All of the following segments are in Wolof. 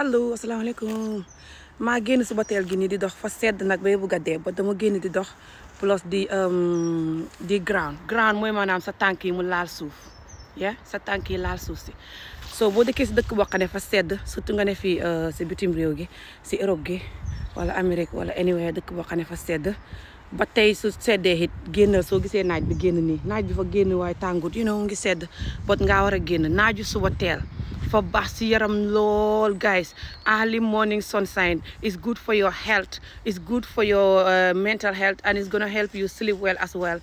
allo asalaamaaleykum maa génn suba teel gi nii di dox fa sedd nag bay bugg a dee ba dama génn di dox plus di um, di ground ground mooy manaam sa tànk yi mu laal suuf sa tànk yi laal suuf si soo boo dëkkee si dëkk boo xam ne fa sedd surtout nga ne fii uh, si bitim réew gi si Europe gi walla Amérique wala anywhere dëkk boo xam ne fa sedd ba tey su seddee it génnal soo gisee naaj bi génn nii naaj bi fa génn waaye tàngut you know ngi sedd boot ngaa war a génn naaju suba teel dafa baax ci yaram lool guys early morning sunshine is good for your health is good for your uh, mental health and it's gonna help you sleep well as well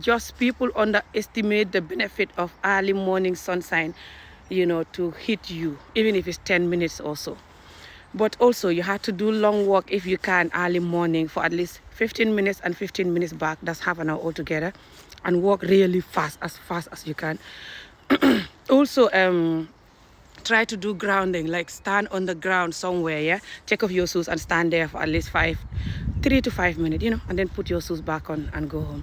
just people underestimate the benefit of early morning sunshine you know to hit you even if it's 10 minutes or so but also you have to do long walk if you can early morning for at least 15 minutes and 15 minutes back that's half an hour altogether and walk really fast as fast as you can also um try to do grounding, like stand on the ground somewhere, yeah? Take off your shoes and stand there for at least five, three to five minutes, you know, and then put your shoes back on and go home.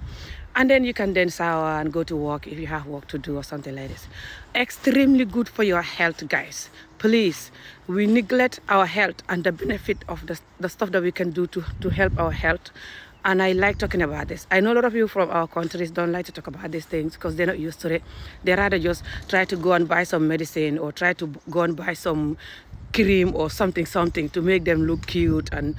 And then you can then shower and go to work if you have work to do or something like this. Extremely good for your health, guys. Please, we neglect our health and the benefit of the, the stuff that we can do to, to help our health and I like talking about this. I know a lot of you from our countries don't like to talk about these things because they're not used to it. They rather just try to go and buy some medicine or try to go and buy some cream or something something to make them look cute and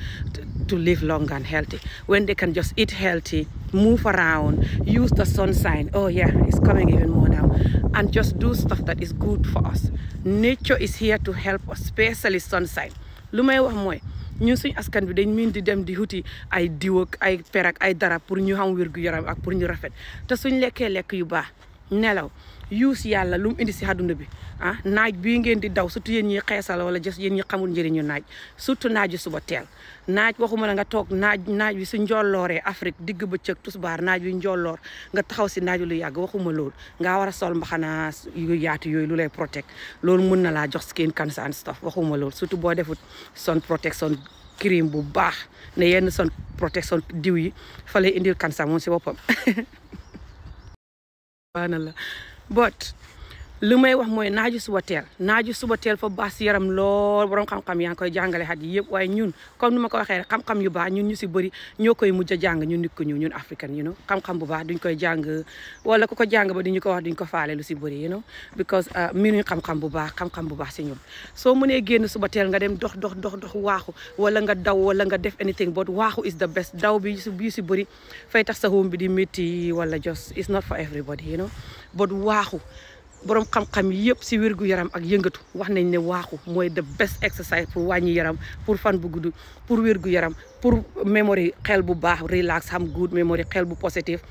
to live long and healthy when they can just eat healthy move around use the sun sign oh yeah it's coming even more now and just do stuff that is good for us nature is here to help us especially sun sign lu may wax mooy ñun suñ askan bi dañ miin di dem di huti ay diw ay per ay dara pour ñu xam wér gu yaram ak pour ñu rafet te suñ lekkee lekk yu baax nelaw yuus yàlla lu indi si àdduna bi ah naaj bii ngeen di daw surtout yéen ñi xeesal wala jës yéen ñi xamul njëriñu naaj surtout naaju suba teel naaj waxuma la nga toog naaj naaj bi su njollooree Afrique digg ba bëccëg tusbaar naaj bi njolloor nga taxaw si naaju lu yàgg waxuma lool ngaa war a sol mbaxana yu yaatu yooyu lu lay protect loolu mun na laa jox skin cancer and stuff waxuma lool surtout boo defut sun protection crème bu baax ne yenn sun protection diw yi fa lay indil cancer moom si boppam subhanallah but li may wax mooy naaju subateel teel naaju suba teel fa baax si yaram lool borom xam-xam yaa ngi koy jàngale xat yi yëpp waaye ñun comme nu ma ko waxee rek xam-xam yu baax ñun ñu si bëri ñoo koy mujj a jàng ñun nit ko ñu ñun africain you know xam-xam bu baax duñ koy jàng wala ku ko jàng ba duñu ko wax duñ ko faale lu si bëri you know because ah, miinuñ xam-xam bu baax xam-xam bu baax si ñun soo mënee génn suba teel nga dem dox dox dox dox waaxu wala nga daw wala nga def anything but waaxu is the best daw bi yu si bëri fay tax sa home bi di métti wala just it's not for everybody you know but waaxu borom xam-xam yëpp si wérgu yaram ak yëngatu wax nañ ne waaxu mooy the best exercise pour wàññi yaram pour fan bu gudd pour wirgu yaram pour memory xel bu baax relax am good memory xel bu positif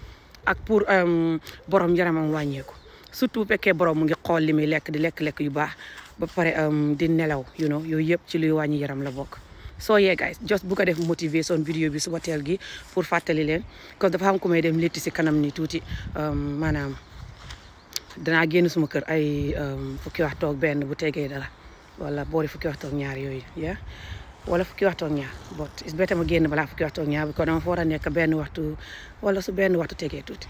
ak pour euh, borom yaramam wàññeeku surtout bu fekkee borom mu ngi xool li muy lekk di lekk-lekk yu baax ba pare euh, di nelaw you know yooyu yëpp ci luy wàññi yaram la bokk. soo yeah guys just bu ko def motivation vidéo bi suba teel gi pour fàttali leen kon dafa am ku may dem létti si kanam ni tuuti euh, maanaam. danaa génn suma kër ay um, fukki waxtu ak benn bu tegee dara wala boori fukki waxtu ak ñaar yooyu ya wala fukki waxtu ak ñaar bot is génn balaa fukki waxtu ak ñaar bi kon a nekk benn waxtu wala su benn waxtu tegee tuuti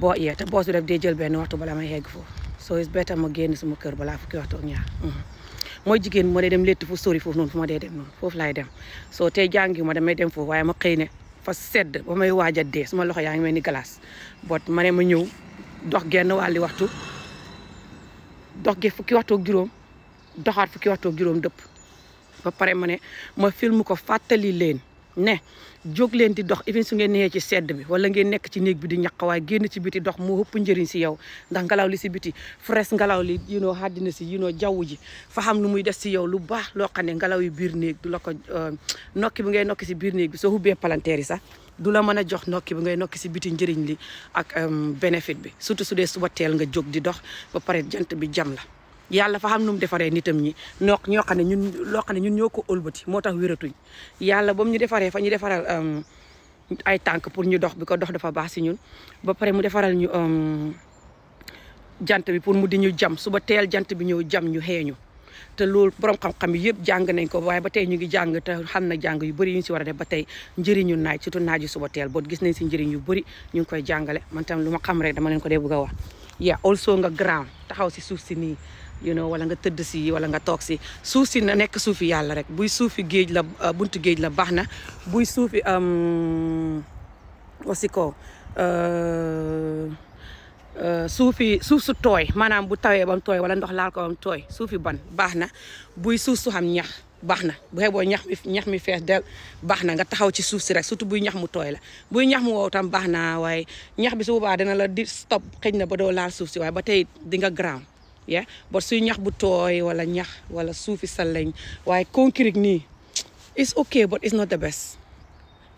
boo yee te boos bi def jël benn waxtu balaa may yegg foofu soo is bette ma génn suma kër balaa fukki waxtu ak ñaar mm-hmm. jigéen bu ma dee dem létt fu sori foofu noonu ma dee dem foofu laay dem soo tey jàngi ma damay dem foofu waaye ma xëy ne fa sedd ba may waaj a dee suma loxo yaa ngi mel ni glace bot ma ma ñëw dox genn wàlli waxtu dox gi fukki waxtu ak juróom doxaat fukki waxtu ak juróom dëpp ba pare ma ne ma film ko fàttali leen ne jóg leen di dox even su ngeen neexee ci sedd bi wala ngeen nekk ci néeg bi di ñaq waaye génn ci biti dox moo ëpp njëriñ si yow ndax ngelaw li si biti fresh ngelaw li you know àddina si you know jaww ji fa xam lu muy def si yow lu baax loo xam ne ngelaw yi biir néeg du la ko euh, nokki bi ngay nokki si biir néeg bi soo ubbee palanteer yi sax du la mën a jox nokki bi ngay nokki si biti njëriñ li ak euh, bénéfice bi surtout su dee suba teel nga jóg di dox ba pare jant bi jam la yàlla fa xam nu mu defaree nitam ñi ñoo ñoo xam ne ñun loo xam ne ñun ñoo ko ëlbati moo tax wératuñ yàlla ba ñu defaree fa ñu defaral ay tànk pour ñu dox bi ko dox dafa baax si ñun ba pare mu defaral ñu jant bi pour mu di ñu jam suba teel jant bi ñëw jam ñu xeeñu te lool borom xam-xam yi yëpp jàng nañ ko waaye ba tey ñu ngi jàng te xam na jàng yu bari yu ñu si war a def ba tey njëriñu naaj surtout naaj yu suba teel boot gis nañ si njëriñ yu bari ñu ngi koy jàngale man tam lu ma xam re dama leen ko dee bëgg a wax you know wala nga tëdd si wala nga toog si suuf si na nekk suufi yàlla rek buy suufi géej la euh, buntu géej la baax na buy suufi aussi euh, ko euh, suufi suuf su tooy maanaam bu tawee bam tooy wala ndox laal tooy suufi ban baax na buy suuf su xam ñax baax na bu xeboo ñax mi ñax mi fees del baax na nga taxaw ci suuf si rek surtout buy ñax mu tooy la buy ñax mu wow tam baax na waaye ñax bi su baax dana la di stop xëj na ba doo laal suuf si waaye ba tey di nga ground ya bot suy ñax bu tooy walla ñax wala suufi salañ waaye concrete nii it's okay but it's not the best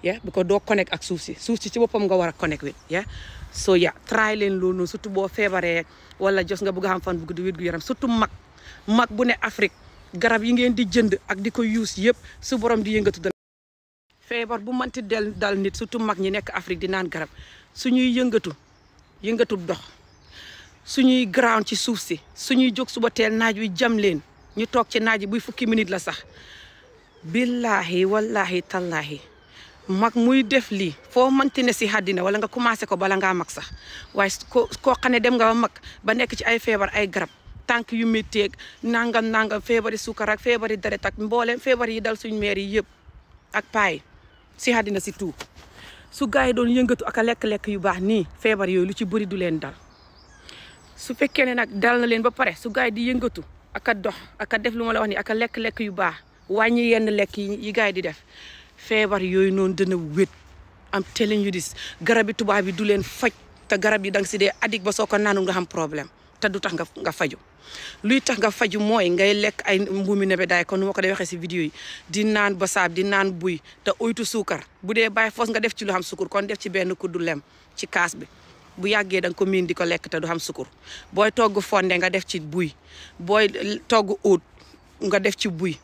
ya because doo connect ak suuf si suuf si ci boppam nga war a connect with ya so ya try leen loolu noonu surtout boo feebaree wala jos nga bëgg a xam fan bu gudd wér gu yaram surtout mag mag bu ne Afrique garab yi ngeen di jënd ak di ko use yëpp su borom di yëngatu feebar bu manti del dal nit surtout mag ñi nekk Afrique di naan garab su ñuy yëngatu yëngatu dox suñuy ground ci suuf si suñuy jóg suba teel naaj wi jam leen ñu toog ci naaj buy fukki minute la sax billaahi wallaahi tallaahi mag muy def lii foo manti ne si àddina wala nga commencé ko bala ngaa mag sax waaye ko koo xam ne dem nga ba mag ba nekk ci ay feebar ay garab tànk yu métteeg nangam nangam feebari suukar ak feebari deret ak mboolem feebar yi dal suñ meer yi yëpp ak paay si àddina si tout su gars yi doon yëngatu ak lekk-lekk yu baax nii feebar yooyu lu ci bëri du leen dal su fekkee ne nag dal leen ba pare su gars yi di yëngatu ak a dox ak a def lu ma la wax ni ak a lekk-lekk yu baax wàññi yenn lekk yi gars yi di def feebar yooyu noonu dana wét am telling you this garab yi tubaab yi du leen faj te garab yi da si dee addict ba soo naanu naanul nga xam problème te du tax nga nga faju luy tax nga faju mooy ngay lekk ay mbuumi nebedaay kon nu ma ko dee waxee si vidéo yi di naan basaab di naan buy te uytu suukar bu dee baay foos nga def ci lu xam kon def ci benn kuddu lem ci bi bu yàggee dang nga ko miin di ko lekk te du xam sukur booy togg fonde nga def ci buy booy togg óot nga def ci buy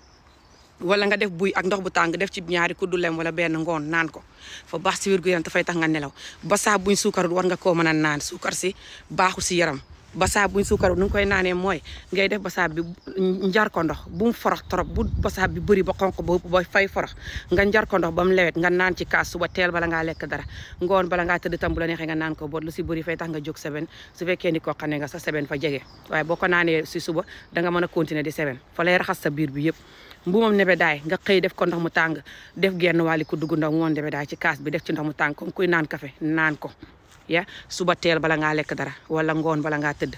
wala nga def buy ak ndox bu tàng def ci ñaari kuddu lem wala benn ngoon naan ko fa baax si wér gu yaram dafay tax nga nelaw ba saa buñ suukar war nga koo mën a naan suukar si baaxu si yaram basaab buñ suukaru nu ngi koy naanee mooy ngay def basaab bi njar ko ndox bu mu forox trop bu basaab bi bëri ba xonq ba ba fay forox nga njar ko ndox ba mu lewet nga naan ci kaas suba teel bala ngaa lekk dara ngoon bala ngaa tëdd tam bu la neexee nga naan ko boot lu si bëri fay tax nga jóg seben su fekke ni ko xam ne nga sa seben fa jege waaye boo ko naanee si suba danga mën a continuer di seben fa lay raxas sa biir bi yëpp mbuumam nebedaay nga xëy def ko ndox mu tàng def genn wàlli ku dugg ndox moom nebedaay ci kaas bi def ci ndox mu tàng comme naan kafe naan ko ya suba teel bala ngaa lekk dara wala ngoon bala ngaa tëdd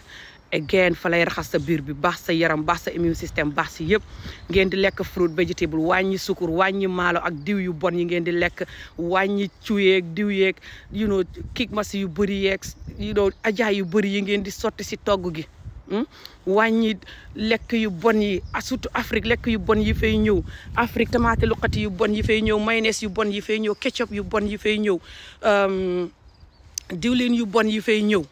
gen fa lay raxas sa biir bi baax sa yaram baax sa immune système baax si yëpp ngeen di lekk fruit vegetable wàññi sukur wàññi maalo ak diw yu bon yi ngeen di lekk wàññi cuyeeg diw yeeg you know kick mas yu bëri yeeg you know ajaay yu bëri yi ngeen di sotti si togg gi hmm? wàññi lekk yu bon yi ah, surtout Afrique lekk yu bon yi fay ñëw Afrique tamaate luqati yu bon yi fay ñëw mayonnaise yu bon yi fay ñëw ketchup yu bon yi fay ñëw um, diwlin yu bon yu fay ñëw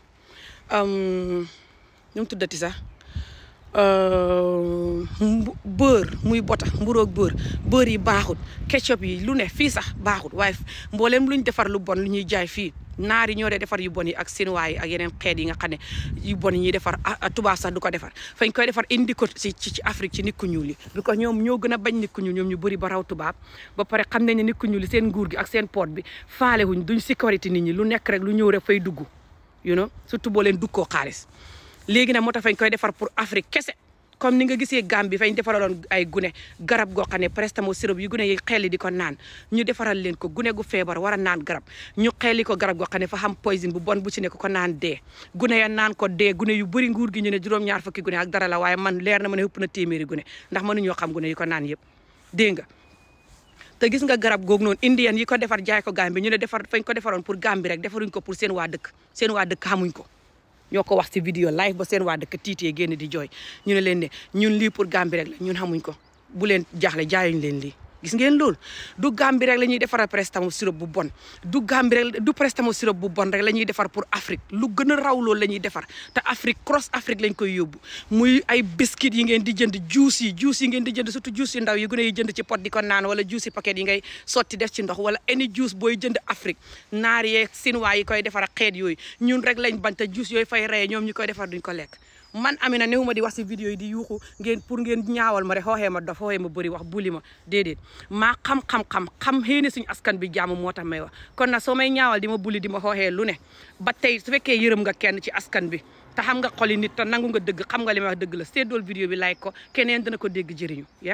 nu mu tuddati sax Euh, beurre muy bota mburoog beurre beurre yi baaxut ketchup yi lu nekk fii sax baaxut waaye mbooleem lu ñu defar lu bon lu ñuy jaay fii naari yi ñoo dee defar yu bon yi ak seen yi ak yeneen xeet yi nga xam ne yu bon yi ñuy defar tubaab sax du ko defar fañ koy defar indi ko ci ci Afrique ci nit ku ñuul yi parce que ñoom ñoo gën a bañ nit ku ñuul ñoom ñu bëri baraw raw tubaab ba pare xam nañ ne nit ku ñuul yi seen nguur gi ak seen port bi faale wuñ duñ sécurité nit ñi lu nekk rek lu ñëw rek fay dugg you surtout boo leen duggoo xaalis léegi nag moo tax fañ koy defar pour Afrique kese comme ni nga gisee Gambie fañ defaraloon ay gune garab goo xam ne prestamo sirop yu gune yi xeeli di ko naan ñu defaral leen ko gune gu feebar war a naan ñu xeeli ko garab goo xam ne fa xam poison bu bon bu ci nekk ko naan dee gune ya naan ko dee gune yu bëri nguur gi ñu ne juróom-ñaar fukki gune ak dara la man leer na ma ne ëpp na téeméeri gune ndax mënuñoo xam gune yi ko naan yëpp dégg nga te gis nga garab googu noonu indien yi ko defar jaay ko Gambie ñu ne ko defaroon pour Gambie rek defaruñ ko pour seen waa dëkk seen waa dëkk xamuñ ko ñoo ko wax si vidéo live ba seen waa dëkk tiitee génn di jooy ñu ne leen ne ñun lii pour Gambie rek la ñun xamuñ ko bu leen jaaxle jaayuñ leen lii gis ngeen loolu du Gambie rek la ñuy defar prestamo sirop bu bon du Gambie rek du prestamo sirop bu bon rek la ñuy defar pour Afrique lu gën a raw lool la ñuy defar te Afrique cross Afrique lañ koy yóbbu muy ay biscuit yi ngeen di jënd juice yi juice yi ngeen di jënd surtout juice yu ndaw yi gën a jënd ci pot di ko naan wala juice yi paquet yi ngay sotti def ci ndox wala any juice booy jënd Afrique naar yeeg Sinwaa yi koy defar ak xeet yooyu ñun rek lañ bañ te juice yooyu fay reye ñoom ñu koy defar duñ ko lekk man Amina néew ma di wax si vidéo yi di yuuxu ngeen pour ngeen ñaawal ma rek xooxee ma dafa xooxee ma bëri wax buli ma déedéet maa xam-xam-xam xam xéene suñu askan bi jàmm moo tax may wax kon na soo may ñaawal di ma buli di ma xooxee lu ne ba tey su fekkee yërëm nga kenn ci askan bi te xam nga xoli nit te nangu nga dëgg xam nga lima dëgg la séddool vidéo bi like ko keneen dana ko dégg jëriñu